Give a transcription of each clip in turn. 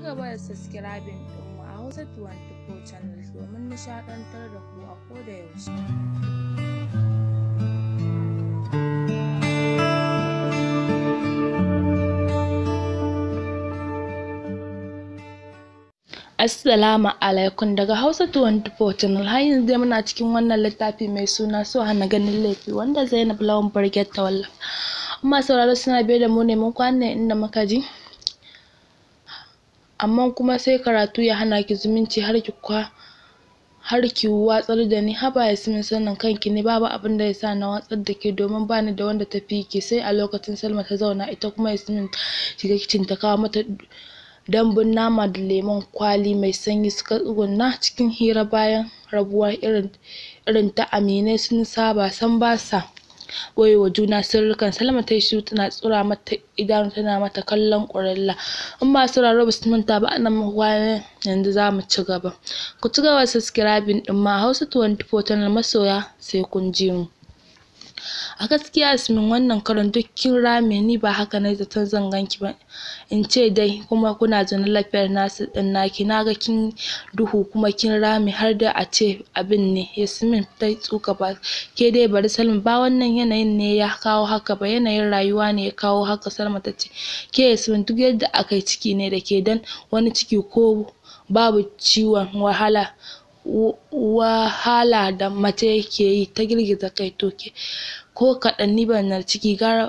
ci gaba da subscribing ɗinmu a Hausa 24 Channel domin nishaɗantar da ku a koda yaushe. Assalamu alaikum daga Hausa 24 Channel har yanzu dai muna cikin wannan littafi mai suna so hana ganin laifi wanda Zainab Lawan Barget ta wallafa. Amma sauraro suna biye da mu ne mun kwana inda muka ji. amma kuma sai karatu ya hana ki zumunci har ki kwa har ki watsar da ni haba Yasmin sanin kanki ne babu abin da yasa na watsar da ke domin bani da wanda tafi ki sai a lokacin Salma ta zauna ita kuma Yasmin shiga kicin ta kawo mata dambun nama da lemon kwali mai sanyi suka tsugunna cikin hira bayan rabuwa irin irin ta aminai sun saba san basa. wa juna sirrikan Salma ta yi shiru tana tsura mata idanu tana mata kallon ƙwarella in masu sauraro ba su manta ba anan mahuwa yanzu za mu ci gaba ku ci gaba subscribing ɗin ma Hausa 24 tana masoya sai kun ji mu. A gaskiya Yasmin wannan karon duk kin rame ni ba haka nayi zaton zan ganki ba in ce dai kuma kuna zaune lafiyar nasu ɗin naki ga kin duhu kuma kin rame har da a ce abin ne Yasmin ta tsoka ba ke dai bari Salma ba wannan yanayin ne ya kawo haka ba yanayin rayuwa ne ya kawo haka Salma tace ke Yasmin duk yadda akai ciki ne da ke dan wani ciki ko babu ciwon wahala wahala da mace ke yi ta girgiza kai toke ko kaɗan ni ban ciki gara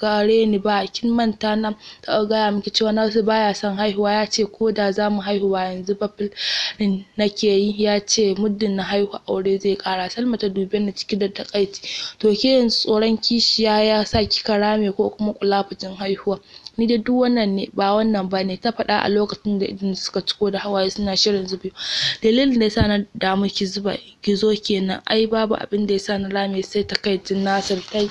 gare ni ba kin manta na taɓa gaya miki cewa Nasiru baya son haihuwa ya ce ko da za mu haihu ba yanzu ba filin nake yi ya ce muddin na haihu aure zai ƙara Salma ta dube ni ciki da takaici to ke yanzu tsoron kishiya ya sa kika rame ko kuma kula kulafacin haihuwa ni dai duk wannan ne ba wannan ba ne ta faɗa a lokacin da idan suka ciko da hawaye suna shirin zubi dalilin da yasa na damu ki zuba ki zo kenan ai babu abin da yasa na lame sai takaicin Nasir tai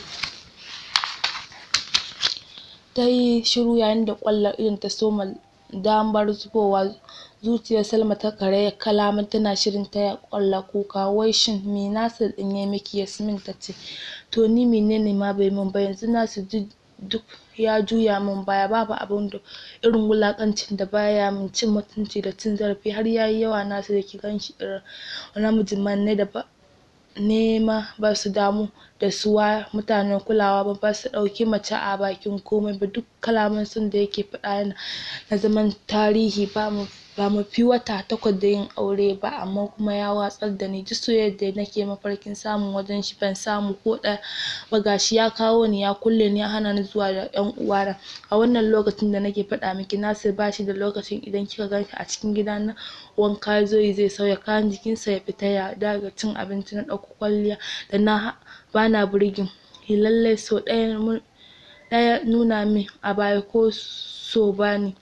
ta shiru yayin da ƙwallon idon ta soma damar zubowa zuciyar Salma ta karaya kalaman tana shirin taya ƙwalla kuka wai shin me Nasir ɗin ya miki Yasmin ta to ni menene ma bai min ba yanzu Nasir duk ya juya min baya babu abin da irin wulakancin da baya min cin mutunci da cin zarafi har ya yi yawa na da ki ganshi irin namijin ne da ba nema basu damu da suwa mutanen kulawa ba ba su ɗauki mace a bakin komai ba duk kalaman sun da yake faɗa na zaman tarihi ba mu fi wata takwas da yin aure ba amma kuma ya watsar da ni duk soyayyar da nake mafarkin samu wajen shi ban samu ko ɗaya ba gashi ya kawo ni ya kulle ni ya hana ni zuwa da ƴan uwana a wannan lokacin da nake faɗa miki Nasir bashi da lokacin idan kika gan shi a cikin gida na wanka zai zai sauya kayan jikinsa ya fita ya dawo daga cin abinci na ɗauko kwalliya da na bana burgin eh, lallai sau ɗaya nuna min a baya ko so bani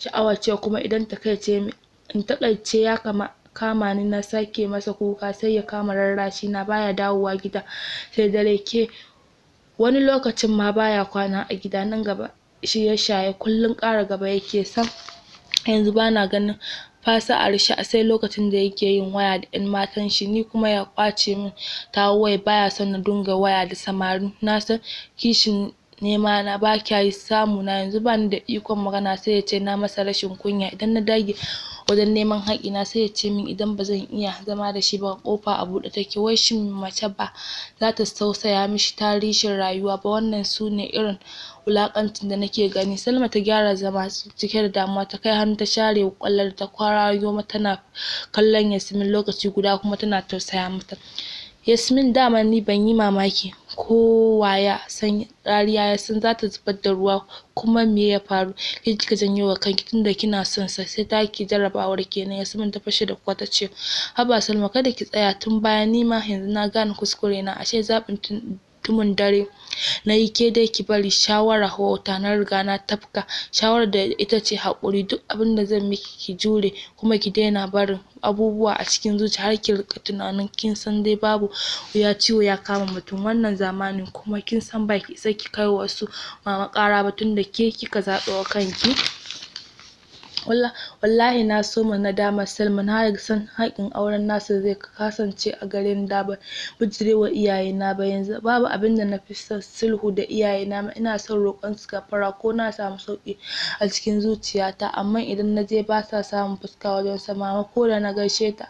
sha'awa ce kuma idan takaice in takaice ya kama kama ni na sake masa kuka sai ya kama rarrashi na baya dawowa gida sai dare ke wani lokacin ma baya kwana a gida nan gaba shi ya shaye kullun ƙara gaba yake san yanzu bana ganin fasa a a sai lokacin da yake yin waya da 'yan matan shi ni kuma ya ƙwace min tawa wai baya son na dunga waya da samari na san kishin nema na ba kya samu na yanzu ba ni da ikon magana sai ya ce na masa rashin kunya idan na dage wajen neman na sai ya ce min idan ba zan iya zama da shi ba kofa a buɗe take wai shin mace ba za ta sausaya mishi tarihin rayuwa ba wannan su ne irin wulakancin da nake gani Salma ta gyara zama cike da damuwa ta kai hannu ta share ƙwallar ta kwarayo mata tana kallon Yasmin lokaci guda kuma tana tausaya mata Yasmin dama ni ban yi mamaki kowa ya san rariya ya san zata zubar da ruwa kuma me ya faru ke kika janyo wa kanki tunda kina son sa sai ta ki jarrabawar kenan san ta fashe da kuka ta ce haba Salma kada ki tsaya tun baya nima yanzu na gane kuskure na ashe zaɓin tun mutumin dare na yi ke dai ki bari shawara wauta na riga na tafka shawarar da ita ce haƙuri duk abin da zan miki ki jure kuma ki daina barin abubuwa a cikin zuciya har ki riƙa tunanin kin san dai babu wuya ciwo ya kama mutum wannan zamanin kuma kin san ba ki isa ki kai wasu mama ƙara ba tunda ke kika zaɓi wa kanki. Wallahi na soma nadamar Salman har san haƙƙin auren nasu zai kasance a gare ni da ban iyaye iyayena ba yanzu babu abinda nafi son sulhu da iyayena ma ina son roƙon su gafara ko na samu sauƙi a cikin zuciyata amma idan naje basa samun fuska wajen sa mama da na gaishe ta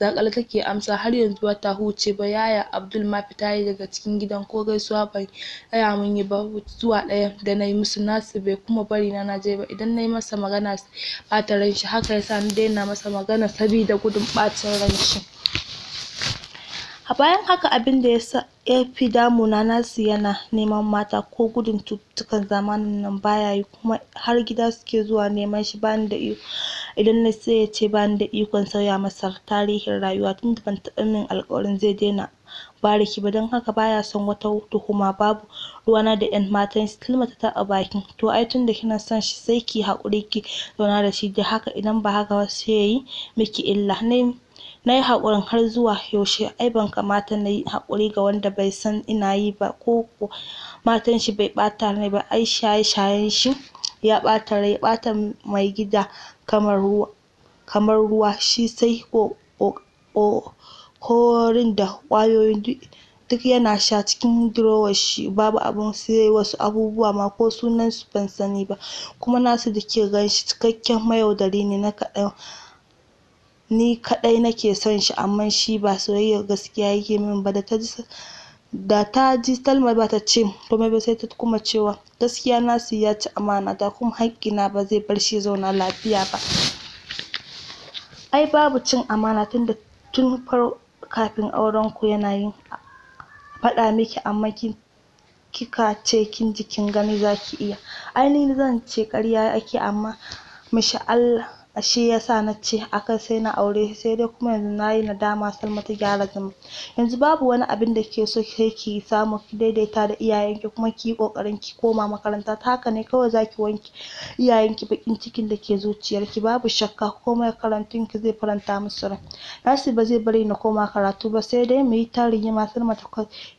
daƙale take amsa har yanzu bata huce ba yaya Abdul ma fita yayi daga cikin gidan ko gaisuwa bai tsaya mun yi ba zuwa ɗaya da nayi musu nasu bai kuma bari na naje ba idan yi masa magana ɓata ran shi haka yasa na daina masa magana sabida gudun ɓacin ran shi a bayan haka abin da ya fi damuna nasu yana neman mata ko gudun cututtukan zamanin nan baya yi kuma har gida suke zuwa neman shi bani da iko idan na sai ya ce bani da ikon sauya masa tarihin rayuwa tunda ban taɓa min alƙawarin zai daina bariki ba don haka baya son wata tuhuma babu ruwana da yan matan shi ta taɓa bakin to ai tunda kina son shi sai ki haƙuri ki zauna da shi da haka idan ba haka ba sai yayi miki illa ne na yi haƙurin har zuwa yaushe ai ban kamata na yi haƙuri ga wanda bai san ina yi ba ko ko matan shi bai ɓata rai ba ai shaye shayen shi ya ɓata rai ɓata mai gida kamar ruwa kamar ruwa shi sai ko korin da kwayoyi duk yana sha cikin durowar shi babu abun sai wasu abubuwa ma ko sunan su ban sani ba kuma nasu da ke ganshi cikakken mayaudari ne na kaɗan ni kaɗai nake son shi amma shi ba soyayyar gaskiya yake min ba da ta ji da ta ji ba ta ce komai ba sai ta kuma cewa gaskiya nasu ya ci amana ta kuma haƙƙina ba zai bar shi zauna lafiya ba ai babu cin amana tunda tun farko kafin auren ku yana yin faɗa miki amma kin kika ce kin jikin kin gani zaki iya ai ni zan ce ƙarya ake amma masha Allah shi yasa na ce akan sai na aure sai dai kuma yanzu na yi nadama salma ta gyara zama yanzu babu wani abin da ke so sai ki samu ki daidaita da iyayenki kuma ki yi ƙoƙarin ki koma makaranta ta haka ne kawai za ki wanke iyayenki bakin cikin da ke zuciyarki babu shakka komai ki zai faranta musu rai nasi ba zai bari na koma karatu ba sai dai mu yi tarin rigima salma ta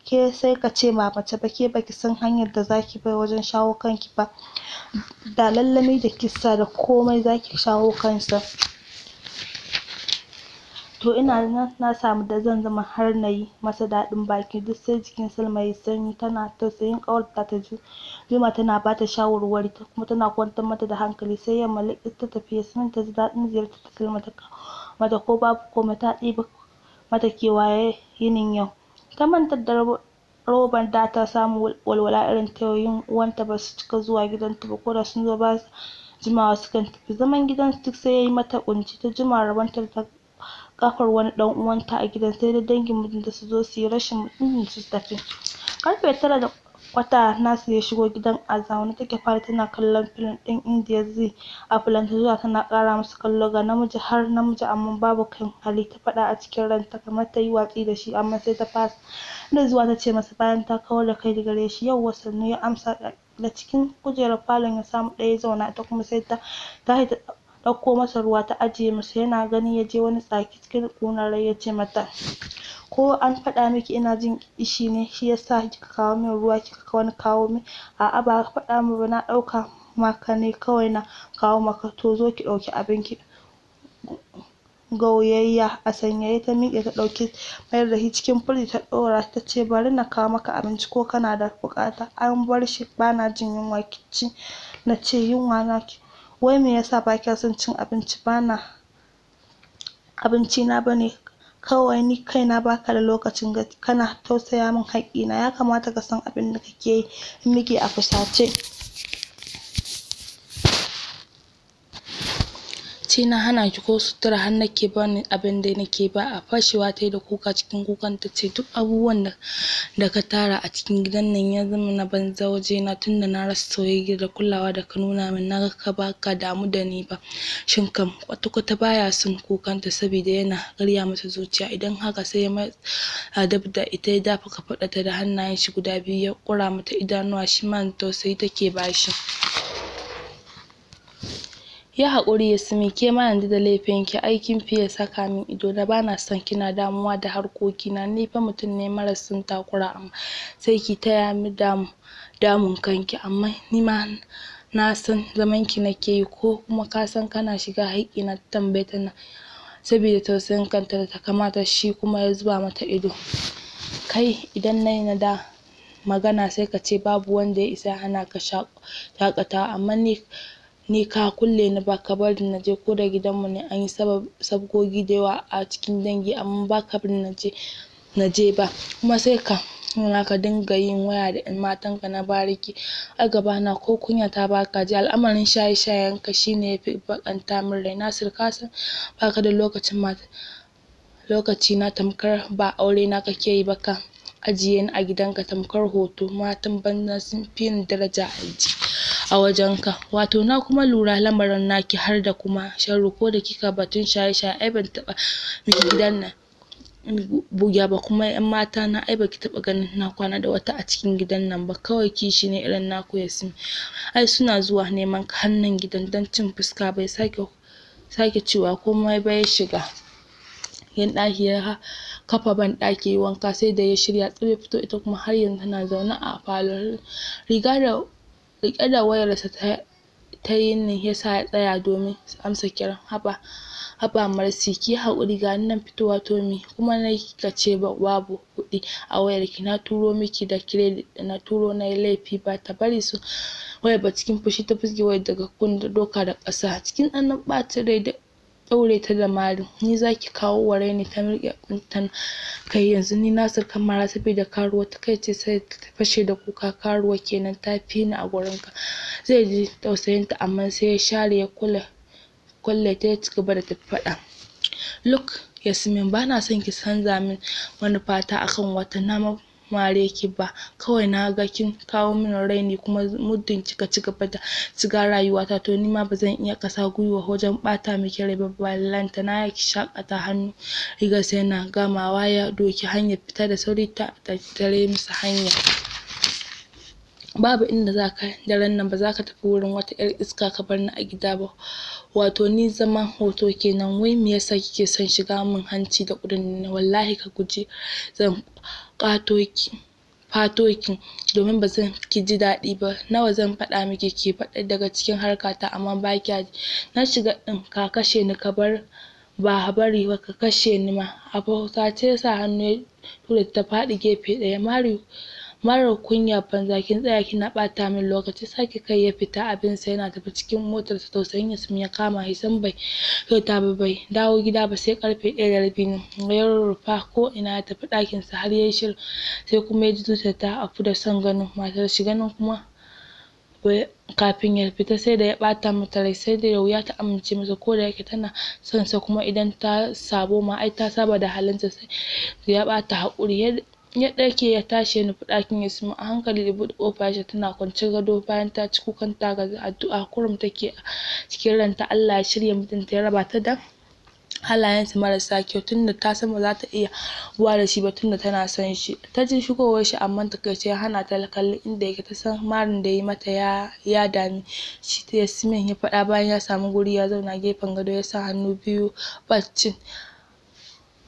ke sai ka ce ma mace ba ke baki san hanyar da zaki bai wajen shawo kanki ba da lallami da kisa da komai zaki shawo kanki kansa to ina nan na samu da zan zama har na yi masa daɗin baki duk sai jikin Salma ya sanyi tana tausayin ƙawarta ta ji Juma tana ba ta shawarwari kuma tana kwantar mata da hankali sai ya likita ta tafi Yasmin ta ji daɗin ziyartar ta Salma ta mata ko babu komai ta ɗiba mata kewaye yinin yau ta manta da roban da ta samu walwala irin ta uwanta ba su cika zuwa gidanta ba koda da sun zo ba jimawa sukan tafi zaman gidan duk sai yayi mata kunci ta jima rabonta ta kafar wani dan uwanta a gidan sai dai dangin mijinta su zo su yi rashin mutuncin su tafi karfe tara da kwata nasu ya shigo gidan a zaune take fara tana kallon film ɗin indiya zee a ta zuwa tana kara masa kallo ga namiji har namiji amma babu kan hali ta faɗa a cikin ranta kamar ta yi watsi da shi amma sai ta fasa da zuwa ta ce masa bayan ta kawar da kai daga gare shi yauwa sannu ya amsa da cikin kujerar falon ya samu ɗaya ya zauna ita kuma sai ta tahi ta ɗauko masa ruwa ta ajiye masa yana gani ya je wani tsaki cikin ƙunar rai ya ce mata ko an faɗa miki ina jin ƙishi ne shi yasa kika kawo min ruwa kika wani kawo min a'a ba ka faɗa min ba na ɗauka maka ne kawai na kawo maka to zo ki ɗauki abinki gauyayya a sanyaye ta miƙe ta ɗauki mayar da shi cikin firij ta ɗora ta ce bari na kawo maka abinci ko kana da buƙata an bar shi bana jin yunwa na ce yunwa na ke. wai me yasa ba kya son cin abinci bana abinci na bane kawai ni kaina baka da lokacin kana tausaya min haƙƙina ya kamata ka san abin da kake yi in muke a fusace ci na hana ki ko sutura har nake ni abin da nake ba a fashewa ta yi da kuka cikin kukan ce duk abubuwan da da ka tara a cikin gidan nan ya zama na banza waje na tunda na rasa soyayya da kulawa da ka nuna min ga ka baka damu da ni ba shin kam kwata kwata baya son kukanta saboda yana karya masa zuciya idan haka sai ya matsa dab da ita ya dafa ka ta da hannayen shi guda biyu ya ƙura mata idanuwa shi shima tausayi take bashi yi haƙuri ya ke ma yanzu da laifin ai kin fiye saka min ido da bana na son kina damuwa da harkokina ni fa mutum ne mara son takura amma sai ki taya min damu damun kanki amma ni ma na san zamanki nake yi ko kuma ka san kana shiga haƙƙi ta tambaye tana sabida tausayin kanta da ta kamata shi kuma ya zuba mata ido kai idan na yi nada magana sai ka ce babu wanda ya isa ya hana ka shaƙatawa amma ni ni ka kulle ni ba ka bari na je ko da gidanmu ne an yi sabgogi da yawa a cikin dangi amma ba ka bari na je na je ba kuma sai ka nuna ka dinga yin waya da 'yan matanka na bariki a na ko kunya ta baka ji al'amarin shaye shayen ne shine fi baƙanta min rai Nasir ka san baka da lokacin mata lokaci na tamkar ba aure na kake yi ba ka ajiye ni a gidanka tamkar hoto matan banza sun fi ni daraja a ji a wajenka wato na kuma lura lamarin naki har da kuma sharu ko da kika batun shaye-shaye ai ban taɓa miki gidan nan buga ba kuma ƴan mata na ai baki taɓa ganin na kwana da wata a cikin gidan nan ba kawai kishi ne irin naku sani ai suna zuwa neman hannun gidan don cin fuska bai sake sake cewa komai ba ya shiga yan ɗaki ya kafa banɗaki yayi wanka sai da ya shirya tsaf fito ita kuma har yanzu tana zaune a falon riga da riƙe da wayarsa ta ta yinin yasa ya tsaya domin amsa kiran haba haba mercy ki haƙuri ga nan fitowa to me kuma na kika ce babu kuɗi a wayarki na turo miki da credit na turo nayi laifi ba ta bari su wayar ba cikin fushi ta fizge wayar daga kunne ta doka da ƙasa cikin tsananin ɓacin rai ɗaure ta da mari ni zaki kawo wa raini ta miƙe kai yanzu ni na sirka mara saboda karuwa ta kai ce sai ta fashe da kuka karuwa kenan ta fi ni a gurinka zai ji tausayinta amma sai ya share ya kula kulle ta ya ci gaba da tafi faɗa look Yasmin bana son ki canza min manufata akan wata na mare ki ba kawai na ga kin kawo min raini kuma muddin kika ci gaba da shiga rayuwata to nima zan iya kasa gwiwa wajen ɓata miki rai ba na ki shaƙata hannu riga sai na gamawa ya doki hanyar fita da sauri ta tare musu hanya babu inda za ka daren nan ba za ka tafi wurin wata 'yar iska ka bar ni a gida ba wato ni zama hoto kenan wai me yasa kike son shiga min hanci da ƙudin nan wallahi ka guji zan ƙatoki domin ba zan ki ji daɗi ba nawa zan faɗa miki ki faɗi daga cikin ta amma ba kya ji na shiga ɗin ka kashe ni ka bar ba bari ba ka kashe ni ma a ta sa hannu ya tura ta ta faɗi gefe ɗaya Mario marar kunyar banza kin tsaya kina ɓata min lokaci sake kai ya fita abin sai yana tafi cikin motarsa tausayin Yasmin ya kama shi san bai kyauta ba bai dawo gida ba sai karfe ɗaya da rabi ne ya rurrufa ko ina ya tafi ɗakinsa har ya yi shiru sai kuma ya ji zuciyar ta afu da son ganin matar shi ganin kuma kafin ya fita sai da ya ɓata mata rai sai da wuya ta amince masa ko da yake tana son sa kuma idan ta sabo ma ai ta saba da halinsa sai ya ɓata haƙuri ya ɗauke ya tashi ya nufi ɗakin ya suma a hankali da buɗe ƙofa ya tana kwance gado bayan ta ci kukan ta gaza addu'a kurum take a cikin ranta Allah ya shirya mutunta ya raba ta da halayensa marasa kyau tunda ta san ba za ta iya buwa da shi ba tunda tana son shi ta ji shigowar shi amma takaice ya hana ta inda yake ta san marin da ya yi mata ya ya dami shi ta Yasmin ya faɗa bayan ya samu guri ya zauna gefen gado ya sa hannu biyu baccin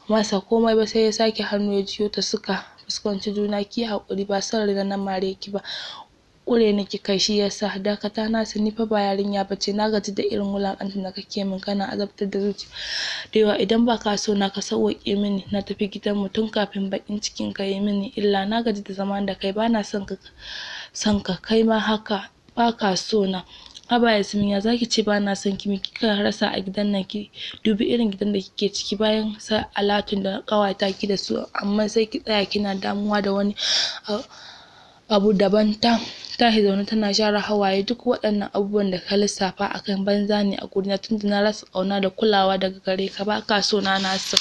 masa komai ba sai ya sake hannu ya jiyo ta suka fuskanci juna ki haƙuri ba san riga na mare ki ba ƙure ki kai shi yasa dakata na sani fa ba yarinya bace na gaji da irin wulaƙanta da kake min kana azabtar da zuci da idan ba ka so na ka sauwaƙe mini na tafi gidan tun kafin baƙin cikin ka yi mini illa na gaji da zaman da kai bana son ka son ka kai ma haka ba ka so na haba yasmin ya zaki ce bana son ki kika rasa a gidan nan ki dubi irin gidan da kike ciki bayan sa alatun da ƙawata ki da su amma sai ki tsaya kina damuwa da wani abu daban ta ke zaune tana share hawaye duk waɗannan abubuwan da ka lissafa akan banza ne a gurina tunda na rasa ƙauna da kulawa daga gare ka ba ka so na na san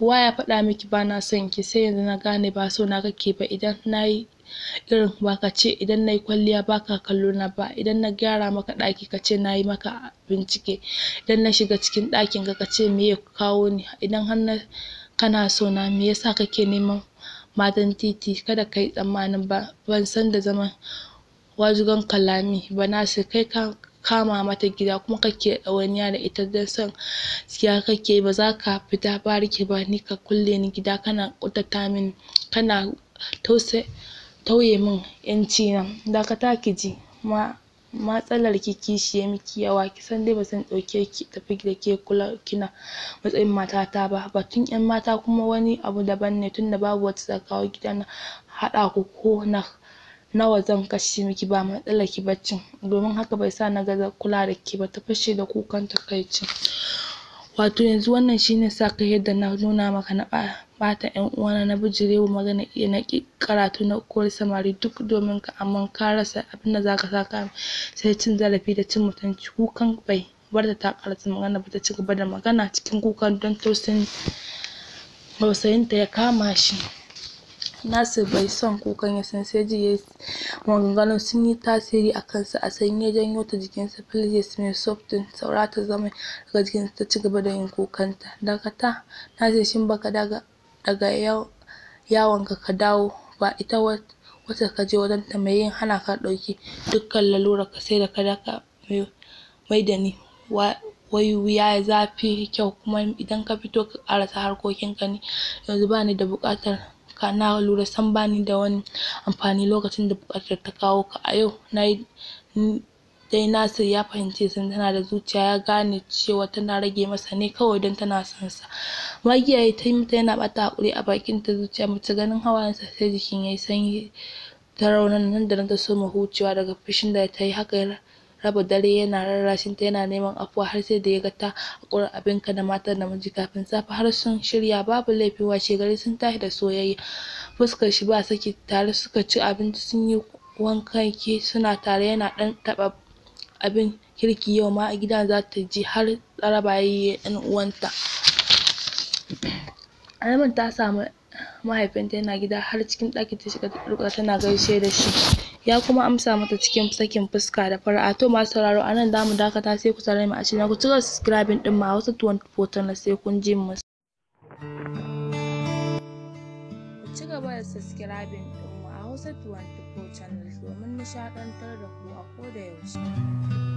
wa ya faɗa miki ba na son ki sai yanzu na gane ba so na kake ba idan na yi irin ba ka ce idan nayi kwalliya baka kallo na ba idan na gyara maka ɗaki kace nayi maka bincike idan na shiga cikin ɗakin ka kace me ya kawo ni idan har na kana so na me yasa kake neman matan titi kada yi tsammanin ba ban san da zaman wajigan kalami ba na sai kai ka kama mata gida kuma kake ɗawainiya da ita don son siya kake ba za ka fita bariki ba ni ka kulle ni gida kana ƙuntata mini kana tausa tauye min ƴanci na dakata kiji ma matsalar ki kishiye miki yawa kisan dai bazan ɗauke ki tafi da ke kula kina matsayin matata ba batun ƴan mata kuma wani abu daban ne tunda babu wata ta kawo gidan haɗa ku ko na nawa zan kashe miki ba matsalar ki baccin domin haka bai sa na gaza kula da ke ba ta fashe da kukan takaici wato yanzu wannan shine sa-kai yadda na nuna maka na ɓata ƴan uwana na bijirewa magana na ƙi karatu na kori samari duk domin ka amma ka rasa abinda zaka saka sai cin zarafi da cin mutunci kukan bai barta ta ƙarasa magana ba ta cigaba da magana cikin kuka don tausayin ta ya kama shi nasu bai son kukan ya san sai ji maganganun sun yi tasiri a kansa a sanye ya janyo ta jikinsa Filis mai soft saurata saura ta zama daga jikinsa ta ci gaba da yin kukanta. Dakata Nasir shin baka daga daga yawonka ka dawo ba ita wata ka je wajen ta mai yin hana ka ɗauki dukkan lalura ka sai da ka daka mai da ni wai wuya zafi kyau kuma idan ka fito ka ƙarasa harkokinka ne yanzu bani da buƙatar ka na lura san bani da wani amfani lokacin da buƙatar ta kawo ka a yau nayi dai Nasir ya fahimce san tana da zuciya ya gane cewa tana rage masa ne kawai don tana son sa magiya ya tayi mata yana ɓata haƙuri a bakin ta zuciya mace ganin hawayensa sai jikin yayi sanyi ta raunin nan da nan ta soma hucewa daga fushin da ta yi haka raba dare yana ta yana neman afuwa har sai da ya ga ta haƙura abinka da matar da miji kafin safe har sun shirya babu laifi washe gari sun tashi da soyayya fuskar shi ba saki tare suka ci abinci sun yi ke suna tare yana ɗan taɓa abin kirki yau ma a gidan za ta ji har tsaraba ya yi uwanta. ta samu mahaifinta yana gida har cikin ɗakin ta shiga ta tana gaishe da shi ya kuma amsa mata cikin sakin fuska da fara'a to masu sauraro a nan zamu dakata sai ku saurare mu a cikin ku cika subscribing din ma wasu tuwon foton na sai kun ji mu ci gaba da subscribing din mu a Hausa 24 channel domin nishaɗantar da ku a koda yaushe